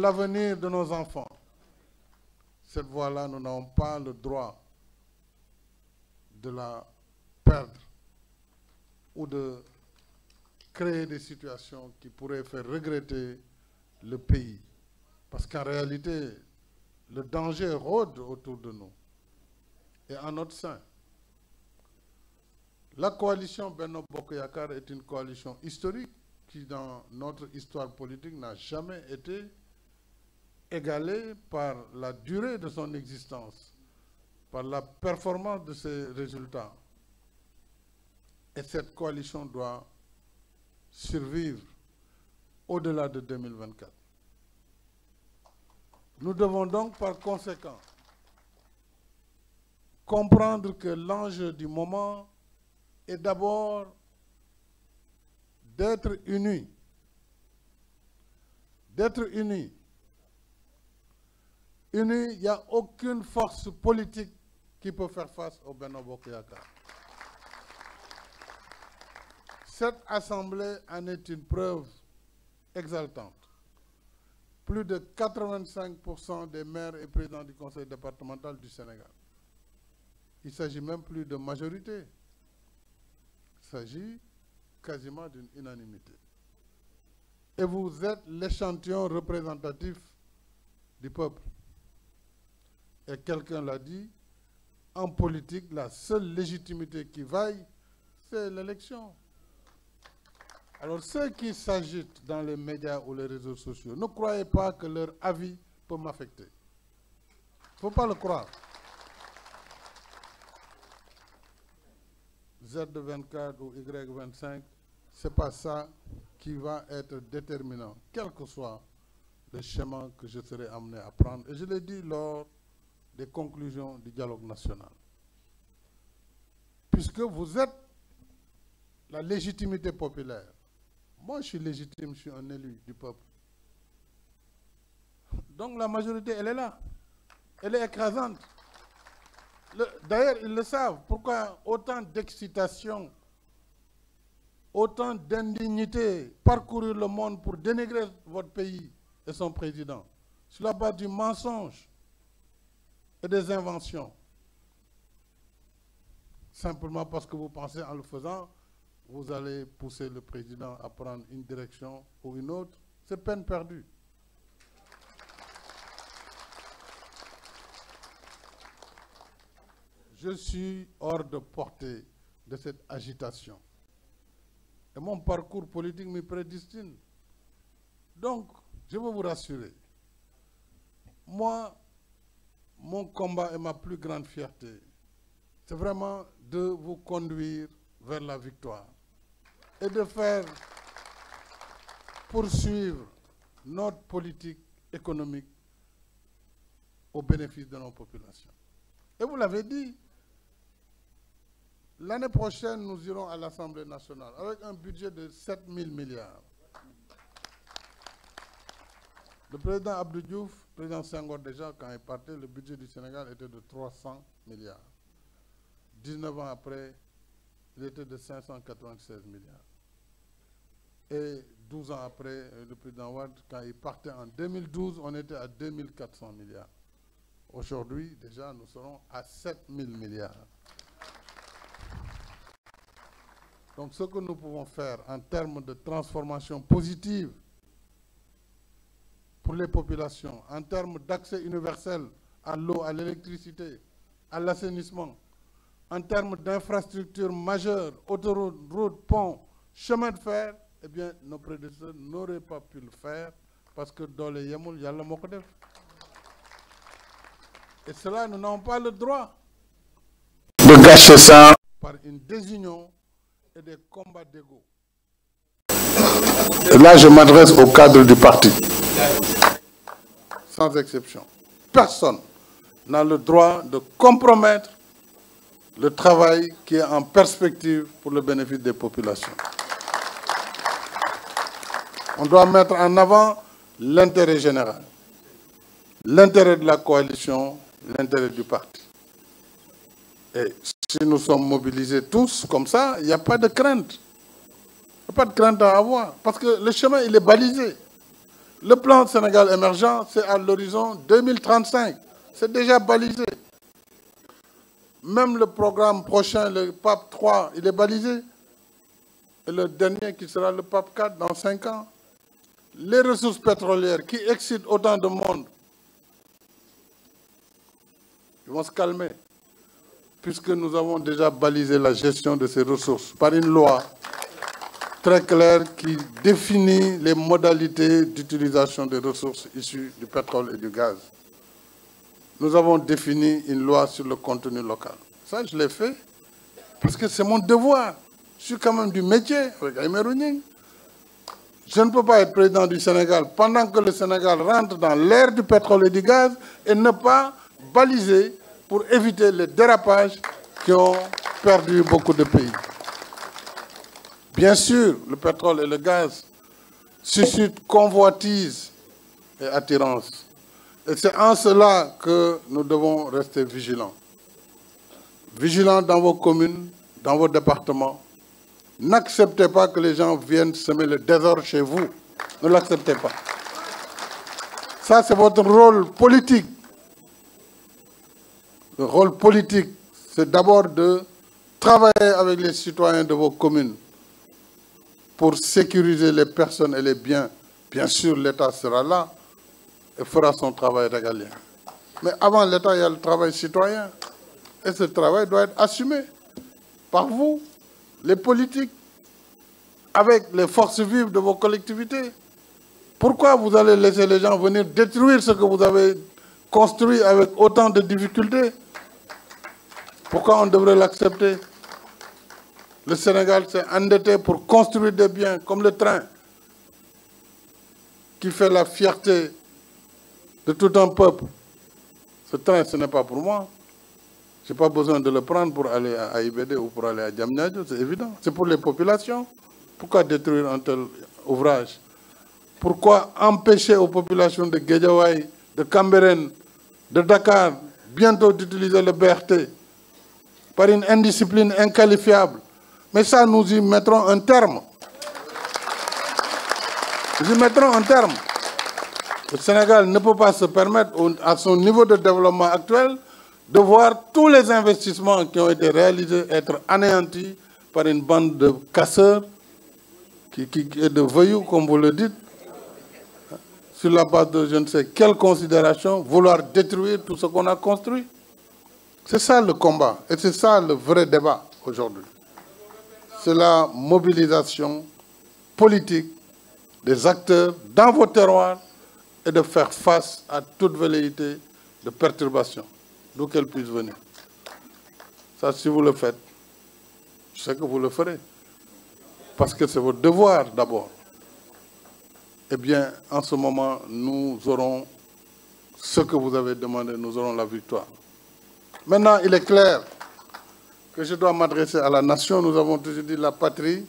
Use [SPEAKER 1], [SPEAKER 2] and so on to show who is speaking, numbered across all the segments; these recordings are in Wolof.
[SPEAKER 1] l'avenir de nos enfants. Cette voie-là, nous n'avons pas le droit de la perdre ou de créer des situations qui pourraient faire regretter le pays. Parce qu'en réalité, le danger rôde autour de nous et en notre sein. La coalition Benno Bokk Yakaar est une coalition historique qui, dans notre histoire politique, n'a jamais été égalé par la durée de son existence, par la performance de ses résultats. Et cette coalition doit survivre au-delà de 2024. Nous devons donc par conséquent comprendre que l'enjeu du moment est d'abord d'être unis, d'être unis unis, il n'y a aucune force politique qui peut faire face au Benno Bokk Yakaar. Cette assemblée en est une preuve exaltante. Plus de 85% des maires et présidents du conseil départemental du Sénégal. Il de majorité. Il s'agit quasiment d'une unanimité. Et vous et quelqu'un l'a dit, politique, la seule légitimité qui vaille, c'est l'élection. Alors ceux qui s'agitent les médias ou les réseaux sociaux, ne ne faut pas le croire. Z24 ou Y25, ce n'est pas ça qui va être déterminant, quel que soit le chemin que je serai amené à prendre. Et je des conclusions du dialogue national. Puisque vous êtes la légitimité populaire. Moi, je suis légitime, je suis un élu du peuple. Donc la majorité, elle est là. Elle est écrasante. D'ailleurs, ils le savent. Pourquoi autant d'excitation, autant d'indignité, parcourir le monde pour dénigrer votre pays et son président sur la base du mensonge et des inventions. Simplement parce que vous pensez en le faisant, vous allez pousser le président à prendre une direction ou une autre, c'est peine perdue. Je suis hors de portée de cette agitation. Et mon parcours politique me prédestine. Donc, je veux vous rassurer. mon combat et ma plus grande fierté, c'est vraiment de vous conduire vers la victoire et de faire poursuivre notre politique économique au bénéfice de nos populations. Et vous l'avez dit, l'année prochaine, nous irons à l'Assemblée nationale avec un budget de 7 milliards. Le président Abdou Diouf, président Senghor déjà, quand il partait, le budget du Sénégal était de 300 milliards. 19 ans après, il était de 596 milliards. Et 12 ans après, le président Wade, quand il partait en 2012, on était à 2400 milliards. Aujourd'hui, déjà, nous serons à 7000 milliards. Donc, ce que nous pouvons en termes de transformation positive pour les populations en termes d'accès universel à l'eau, à l'électricité, à l'assainissement, en termes d'infrastructures majeures, autoroutes, routes, ponts, chemins de fer, eh bien, nos prédécesseurs n'auraient pas pu le faire parce que dans les yamul, yàlla moo ko def. Et cela, nous n'avons pas le droit de gâcher ça par une désunion et des combats d'ego. Là, je m'adresse au cadre du parti. Sans exception. Personne n'a le droit de compromettre le travail qui est en perspective pour le bénéfice des populations. On doit mettre en avant l'intérêt général, l'intérêt de la coalition, l'intérêt du parti. Et si nous sommes mobilisés tous comme ça, il n'y a pas de crainte. à avoir, parce que le chemin, il est balisé. Le plan Sénégal émergent, c'est à l'horizon 2035. C'est déjà balisé. Même le programme prochain, le PAP 3, il est le dernier qui sera le PAP 4 dans 5 ans. Les ressources pétrolières qui excitent autant de monde, ils vont se calmer, puisque nous la gestion de ces ressources par loi très clair qui définit les modalités d'utilisation des ressources issues du pétrole et du gaz. Nous avons défini une loi sur le contenu local. Ça, je l'ai fait parce que c'est mon devoir. Je suis quand même du métier avec Aymerouning. Je ne peux pas être président du Sénégal pendant que le Sénégal rentre dans l'ère du pétrole et du gaz et ne pas baliser pour éviter les dérapages qui ont perdu beaucoup de pays. Bien sûr, le pétrole et le gaz suscitent convoitise et attirance. Et c'est en cela que nous devons rester vigilants. Vigilants dans vos communes, dans vos départements. N'acceptez pas que les gens viennent semer le désordre chez vous. Ne l'acceptez pas. Ça, c'est votre politique. Le rôle politique, c'est d'abord de travailler avec les citoyens de vos communes pour sécuriser les personnes et les biens, bien sûr, l'État sera là et fera son travail régalien. Mais avant l'État, il y a le travail citoyen. Et ce travail doit être assumé par vous, les politiques, avec les forces vives de vos collectivités. Pourquoi vous allez laisser les gens venir détruire ce que vous avez construit avec autant de difficultés? Pourquoi on devrait l'accepter? Le Sénégal s'est endetté pour construire des biens comme le train, qui fait la fierté de tout un peuple. Ce train, ce n'est pas pour moi. Je n'ai pas besoin de le prendre pour aller à IBD ou pour aller à Diamniadio, c'est évident. C'est pour les populations. Pourquoi détruire un tel ouvrage Pourquoi empêcher aux populations de Guédiawaye, de Cambérène, de Dakar, bientôt d'utiliser le BRT par une indiscipline inqualifiable Mais ça, nous y mettrons un terme. Le Sénégal ne peut pas se permettre, à son niveau de développement actuel, de voir tous les investissements qui ont été réalisés être anéantis par une bande de casseurs qui, qui, de voyous, comme vous le dites, sur la base de je ne sais quelle considération, vouloir détruire tout ce qu'on a construit. C'est ça le combat et c'est ça le vrai débat aujourd'hui. c'est la mobilisation politique des acteurs dans vos terroirs et de faire face à toute velléité de perturbation, d'où qu'elle puisse venir. Ça, si vous le faites, que vous le ferez. Parce que c'est votre devoir d'abord. Eh bien, en ce moment, nous aurons ce que vous avez demandé, nous aurons la victoire. Maintenant, il est clair que je dois m'adresser à la nation, nous avons toujours dit la patrie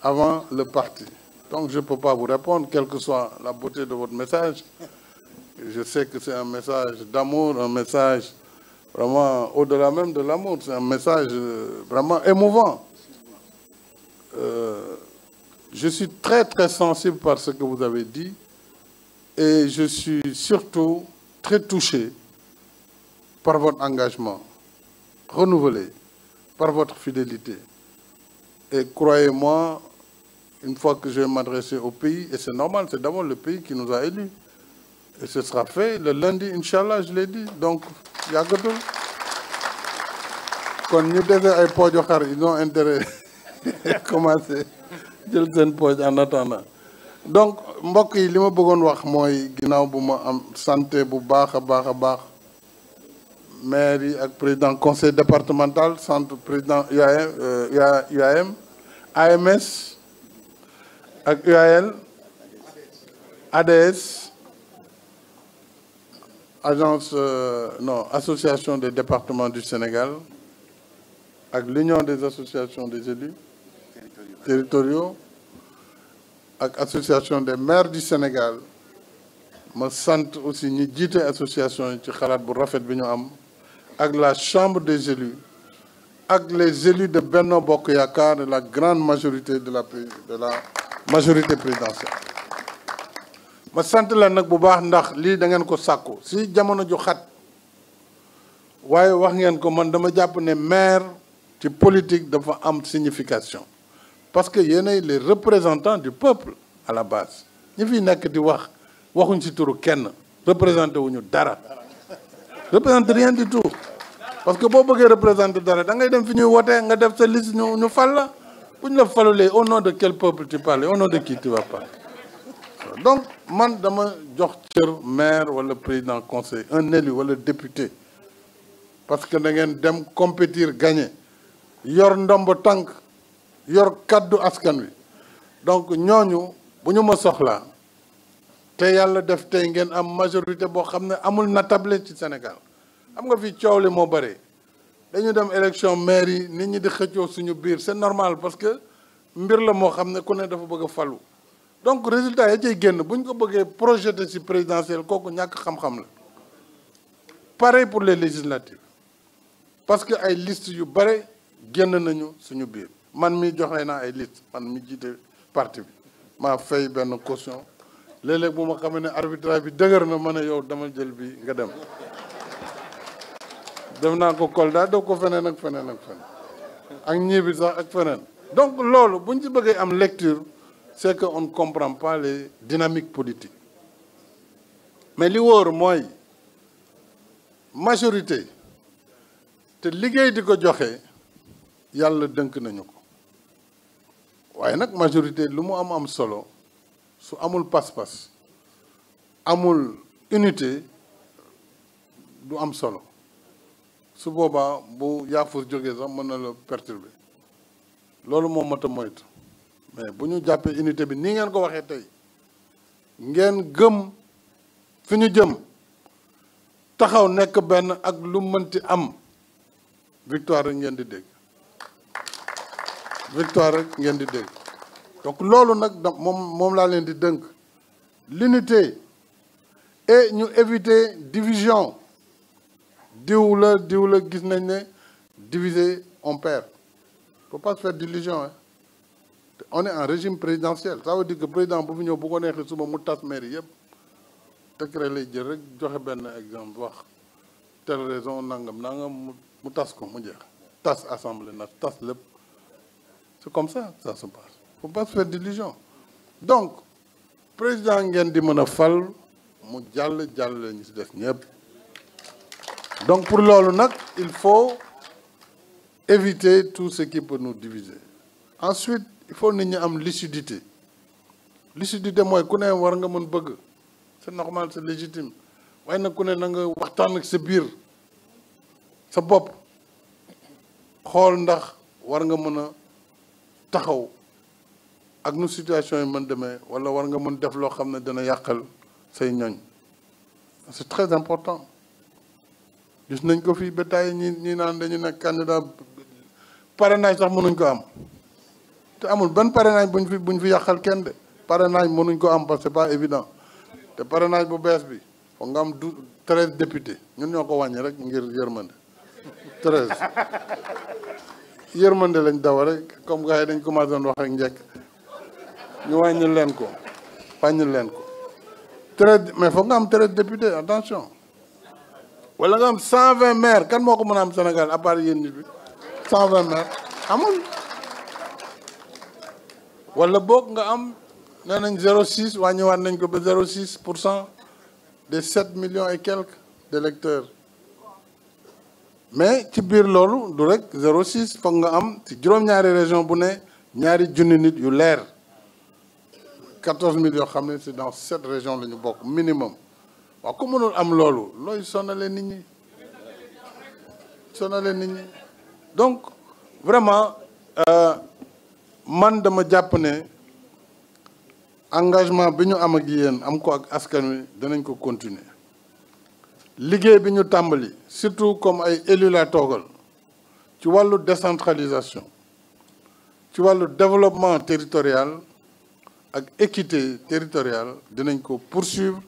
[SPEAKER 1] avant le parti. Donc je ne peux pas vous répondre, quelle que soit la beauté de votre message. Je sais que c'est un message d'amour, un message vraiment au-delà même de l'amour. C'est un message euh, vraiment émouvant. Euh, je suis très très sensible par ce que vous avez dit et je suis surtout très touché par votre engagement renouvelé. par votre fidélité. Et croyez-moi, une fois que je vais m'adresser au pays, et c'est normal, c'est d'abord le pays qui nous a élus. Et ce sera fait le lundi, Inch'Allah, je l'ai dit. Donc, yàggatul kon ñu dese ay pooju xar ils ont intérêt commencé jël seen pooj en attendant. donc mbokk yi li ma bëggoon wax mooy ginnaaw bu ma am santé bu baax a baax a baax maire yi ak président conseil départemental centre président UAM UAM euh, AMS ak UAL ADS agence euh, non association des départements du Sénégal ak l'union des associations des élus territoriaux ak association des maires du Sénégal ma sant aussi ñi jiite association yi ci xalaat bu rafet bi ñu am ak la chambre des élus ak les élus de Benno Bokk Yaakaar de la grande majorité de la de la majorité présidentielle ma sant leen nag bu baax ndax lii da ngeen ko sàkku si jamono ju xat waaye wax ngeen ko man dama jàpp ne maire ci politique dafa am signification parce que yéenay les représentant du peuple à la base ñi fiy nekk di wax waxuñ si turu kenn représenté wuñu dara représente rien du tout parce que boo bëggee représenter dara da ngay dem fi ñuy wotee nga def sa liste ñu ñu fal la bu ñu la falulee au de quel peuple tu parles au nom de qui tu vas parler donc man dama jox cër maire wala président conseil un élu wala député parce que da ngeen dem compétir gagner yor ndomb tànk yor kaddu askan wi donc ñooñu bu ñu ma soxla te yàlla def tey ngeen am majorité boo xam ne amul natable ci Sénégal xam nga fi coow li moo bëri dañu dem élection maire yi nit ñi di xëccoo suñu biir c'est normal parce que mbir la moo xam ne ku ne dafa bëgg a falu donc résultat ya cay génn bu ñu ko bëggee projeté ci présidentiel kooku ñàkk xam-xam la pareil pour les législatives parce que ay liste yu bare génn nañu suñu biir man mi joxe naa ay liste man mi jiite partie bi maa fay benn caution léeg-léeg bu ma xamee ne arbitrage bi dëgër na mën a yow dama jël bi nga dem dem naa ko Kolda def ko feneen ak feneen ak feneen ak ñibi sax ak feneen donc loolu bu ñu ci bëggee am lecture c'est que on ne comprend pas les dynamiques politiques mais li wóor mooy majorité te liggéey di ko joxe yàlla dënk nañu ko waaye nag majorité lu mu am am solo su amul pas-pas amul unité du am solo su boobaa bu yaafus jógee sax mën na la perturber loolu moom mat moytu mais bu ñu jàppee unité bi nii ngeen ko waxee tey ngeen gëm fi ñu jëm taxaw nekk benn ak lu mënti am victoire rek ngeen di dégg victoire rek ngeen di dégg donc loolu nag moom moom laa leen di dënk l'unité et ñu éviter division diw la diw la gis nañ ne diviser on perd faut pas se faire d'illusion on est en régime présidentiel ça veut dire que président bu fi ñëw bu ko neexee suba mu tas mairie yëpp décret lay jël rek joxe benn exemple wax telle raison nangam nangam mu tas ko mu jeex tas assemblée nag tas lépp c'est comme ça ça se passe faut pas se faire donc président ngeen di mën a fal mu jàll jàll ñu si def ñëpp donc pour loolu nag il faut éviter tout ce qui peut nous diviser ensuite il faut nit ñi am lucidité lucidité mooy ku ne war nga mën bëgg c'est normal c'est légitime waaye nag ku ne na nga waxtaan ak sa biir sa bopp xool ndax war nga mën a taxaw ak nu situation yi mën demee wala war nga mën def loo xam ne dana yàqal say ñoñ c'est très important gis nañ ko fii ba tey ñi ñi naan dañu nekk pare parrainage sax mënuñ ko am te amul benn parrainage buñ fi buñ fi yàqal kenn de parrainage mënuñ ko am parce que c'est pas évident te parrainage bu bees bi foog nga am du treize députés ñun ñoo ko wàññi rek ngir yërmande treize yërmande lañ dawa rek comme gaa yi dañ commencé doon wax ak njëkk ñu wàññil leen ko wàññil leen ko treize mais foog nga am treize député attention wala nga am cent vingt maires kan moo ko mën a am Sénégal à part yéen nit bi cent vingt maires amul wala nga am nee nañ zéro six wàññiwaat nañ ko ba zéro six pour cent des sept millions et quelques d'électeurs mais ci biir loolu du rek zéro six foog nga am ci juróom-ñaari région bu ne ñaari junni nit yu leer quatorze mille yoo xam ne c'est dans sept régions la ñu bokk minimum waaw ku mënul am loolu looy sonalee nit ñi sonalee nit ñi donc vraiment euh, man dama jàpp ne engagement bi ñu am ak yéen am ko ak askan wi danañ ko continuer liggéey bi ñu tàmbali surtout comme ay élu la toogal ci wàllu décentralisation ci wàllu développement territorial ak équité territoriale dinañ ko poursuivre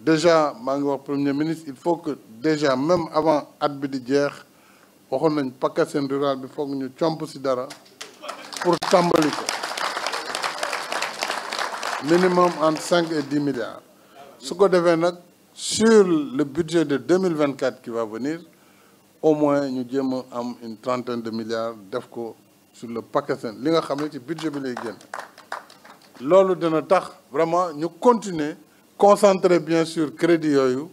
[SPEAKER 1] déjà maa ngi wax premier ministre il faut que déjà même avant at bi di jeex waxoon nañ PACASEN rural bi foog ñu comp ci dara pour tàmbali ko minimum entre cinq et dix milliards su ko defee nag sur le budget de deux mille vingt quatre qui va venir au moins ñu jéem am une trentaine de milliards def ko sur le PACASEN li nga xam ne ci budget bi lay génn loolu dina tax vraiment ñu continuer concentrer bien sur crédit yooyu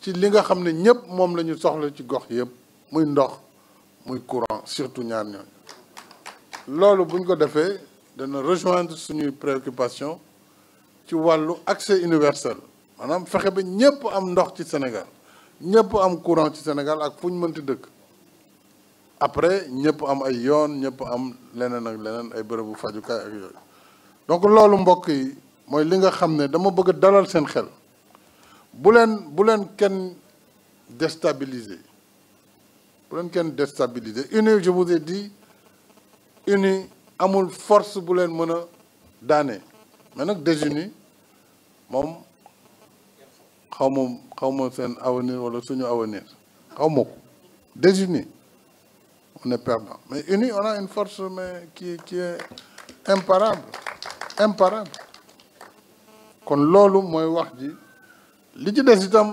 [SPEAKER 1] ci li nga xam ne ñëpp moom la ñu soxla ci gox yëpp muy ndox muy courant surtout ñaar ñooñu loolu buñ ko defee dana rejoindre suñuy préoccupation ci wàllu accès universel maanaam fexe ba ñëpp am ndox ci Sénégal ñëpp am courant ci Sénégal ak fu ñu mënti dëkk après ñëpp am ay yoon ñëpp am leneen ak leneen ay bërëbu fajukaay ak yooyu donc loolu mbokk yi mooy li nga xam ne dama bëgg dalal seen xel buleen leen bu leen kenn déstabiliser bu kenn déstabiliser uni je vous di uni amul force bu leen mën a daane mais nag désuni moom xaw ma xaw ma seen avenir wala suñu avenir xaw ma ko désuni on mais uni on a une force mais qui qui est imparable imparable kon loolu mooy wax ji li ci des itam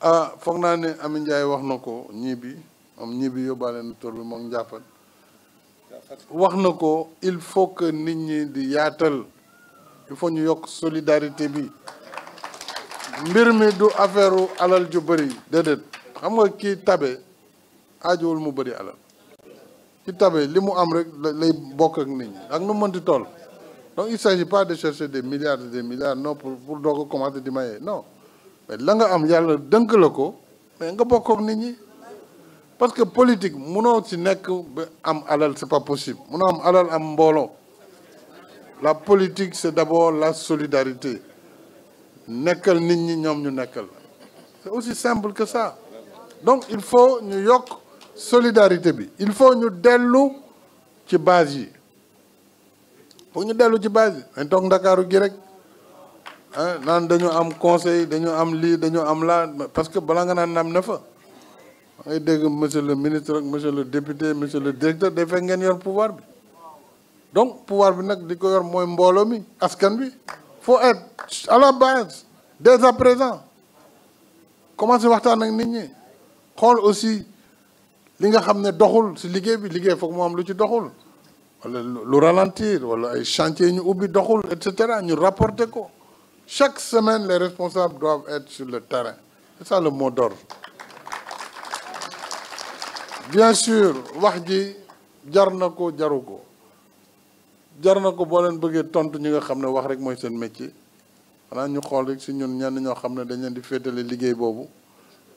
[SPEAKER 1] ah foog naa ne Ami wax na ko ñii bi moom ñii bi yóbbaale na tur bi moom njàppan wax na ko il faut que nit ñi di yaatal il faut ñu yokk solidarité bi mbir mi du affaire alal ju bari déedéet xam nga kii tabe ajowul mu bari alal ki tabe li mu am rek lay bokk ak nit ñi ak nu mënti toll donc il s'agit pas de chercher des milliards et des milliards non pour pour doog a commencer di maye non mais la nga am yàlla dënk la ko mais nga bokkook ak nit ñi parce que politique munoo si nekk ba am alal c'est pas possible munoo am alal am mbooloo la politique c'est d'abord la solidarité nekkal nit ñi ñoom ñu nekkal c'est aussi simple que ça donc il faut ñu yokk solidarité bi il faut ñu dellu ci base yi foog ñu dellu ci base bi dañ toog ndakaaru gi rek ah naan dañu am conseil dañu am lii dañu am laa parce que balaa nga naan naam ne fa ngay dégg monsieur le ministre ak monsieur le député monsieur le directeur day fekk ngeen yor pouvoir bi donc pouvoir bi nag di ko yor mooy mbooloo mi askan bi foo être à la base dès à présent commencé waxtaan ak nit ñi xool aussi li nga xam ne doxul si liggéey bi liggéey foog mu am lu ci doxul wala lu ralentir wala ay chantier ñu ubbi doxul et cetera ñu rapporter ko chaque semaine les responsables doivent être sur le terrain c'est ça le mot d'ordre bien sûr wax ji jar na ko jaru ko jar na ko boo leen bëggee tontu ñi nga xam ne wax rek mooy seen métier xanaa ñu xool rek si ñun ñenn ñoo xam ne dañ leen di féetale liggéey boobu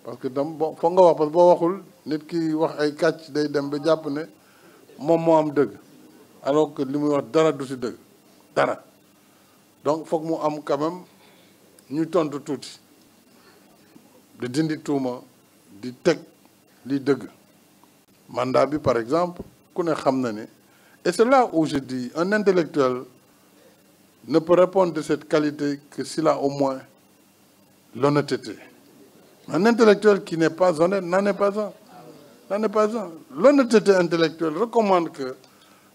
[SPEAKER 1] parce que tam bon foog nga wax parce que boo waxul nit ki wax ay kàcc day dem ba jàpp ne moom moo am dëgg alors que li muy wax dara du si dëgg dara donc foog mu am quand ñu tontu tuuti di dindi tuuma di teg li dëgg mandat bi par exemple ku ne xam na ni et c'est là où je dis un intellectuel ne peut répondre de cette qualité que s'il a au moins l'honnêteté un intellectuel qui n'est pas honnête n'en est pas un n'en est pas un l'honnêteté intellectuelle recommande que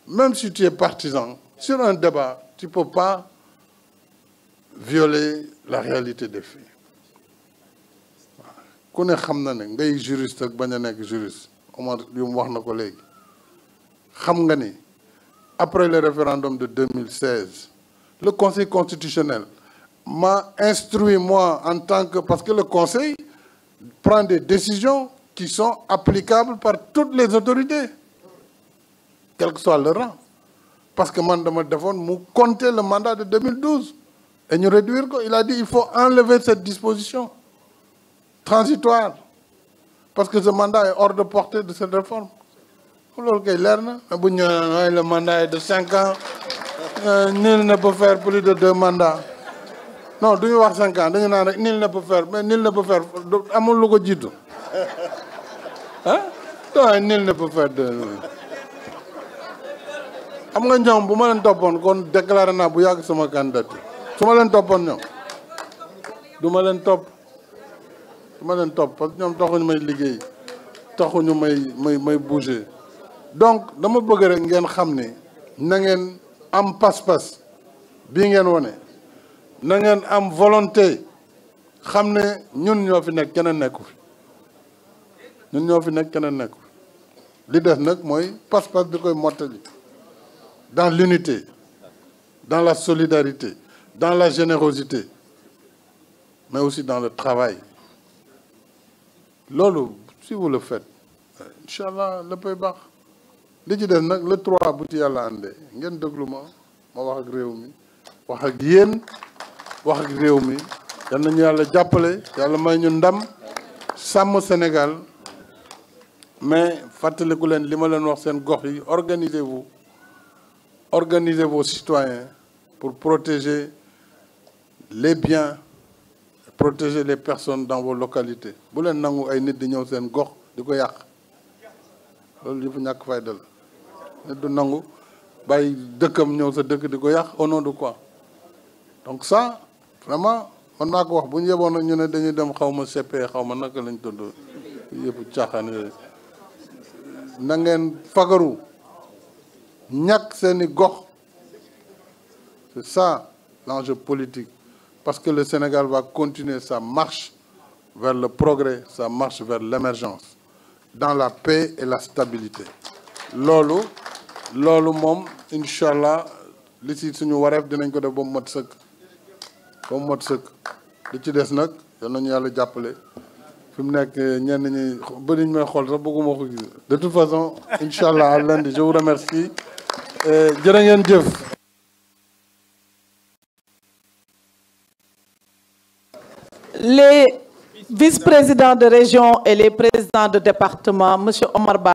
[SPEAKER 1] même si tu es partisan, sur un débat, tu ne peux pas violer la réalité des faits. ku ne xam na ne ngay juriste ak bañ a nekk juriste Omar yu mu wax na ko léegi xam nga ni après le référendum de 2016 le conseil constitutionnel m'a instruit moi en tant que parce que le conseil prend des décisions qui sont applicables par toutes les autorités quel que soit le rang parce que man dama defoon mu compter le mandat de 2012 et ñu réduire ko il a dit il faut enlever cette disposition transitoire parce que ce mandat est hors de portée de cette réforme loolu kay leer na bu ñu ñëwee le mandat de cinq ans euh, nul ne peut faire plus de deux mandats non du ñu wax cinq ans dañu naan rek nul ne peut faire mais nul ne peut faire amul lu ko jiitu ah nul ne peut faire am nga ñoom bu ma leen toppoon kon déclaré naa bu yàgg sama candidature su ma leen toppoon ñoom du ma leen topp du ma leen topp parce ñoom taxuñu may liggéey taxuñu may may may bouger donc dama bëgg rek ngeen xam ne nangeen am pas-pas bii ngeen wane na ngeen am volonté xam ne ñun ñoo fi nekk keneen nekku fi ñun ñoo fi nekk keneen nekku fi li des nag mooy pas-pas bi koy mottali dans l'unité, dans la solidarité, dans la générosité, mais aussi dans le travail. loolu si vous le faites incha allah lépp baax li ci des nag le trois bu ci yàlla àndee ngeen déglu ma ma wax ak réew mi wax ak yéen wax ak réew mi yal nañu yàlla jàppale yàlla may ñu ndam sàmm Sénégal mais fàttaliku leen li ma leen wax seen gox yi organisez-vous Organisez vos citoyens pour protéger les biens, protéger les personnes dans vos localités bu leen nangu ay nit di ñëw seen gox di ko yàq loolu yëpp ñàkk fayda la nit du nangu bàyyi dëkkam ñëw sa dëkk di ko yàq au nom de quoi donc ça vraiment man naa ko wax bu ñu yeboon nag ñu ne dañuy dem xaw ma CP xaw ma naka lañ tudd yëpp caaxaan yooyu na ngeen fagaru ñàkk seeni gox c'est ça l'enjeu politique parce que le Sénégal va continuer sa marche vers le progrès sa marche vers l'émergence dans la paix et la stabilité loolu loolu moom incha allah li ci suñu wareef dinañ ko def ba mu mot sëkk ba mu mot sëkk li ci des nag yal nañu yàlla jàppale fi mu nekk ñeen ñi bëriñ may xool sax bëgguma ko de toute façon incha à lundi je vous remercie Eh, jërë ngeen jëf. les vice-présidents de région et les présidents de département monsieur Omar Ba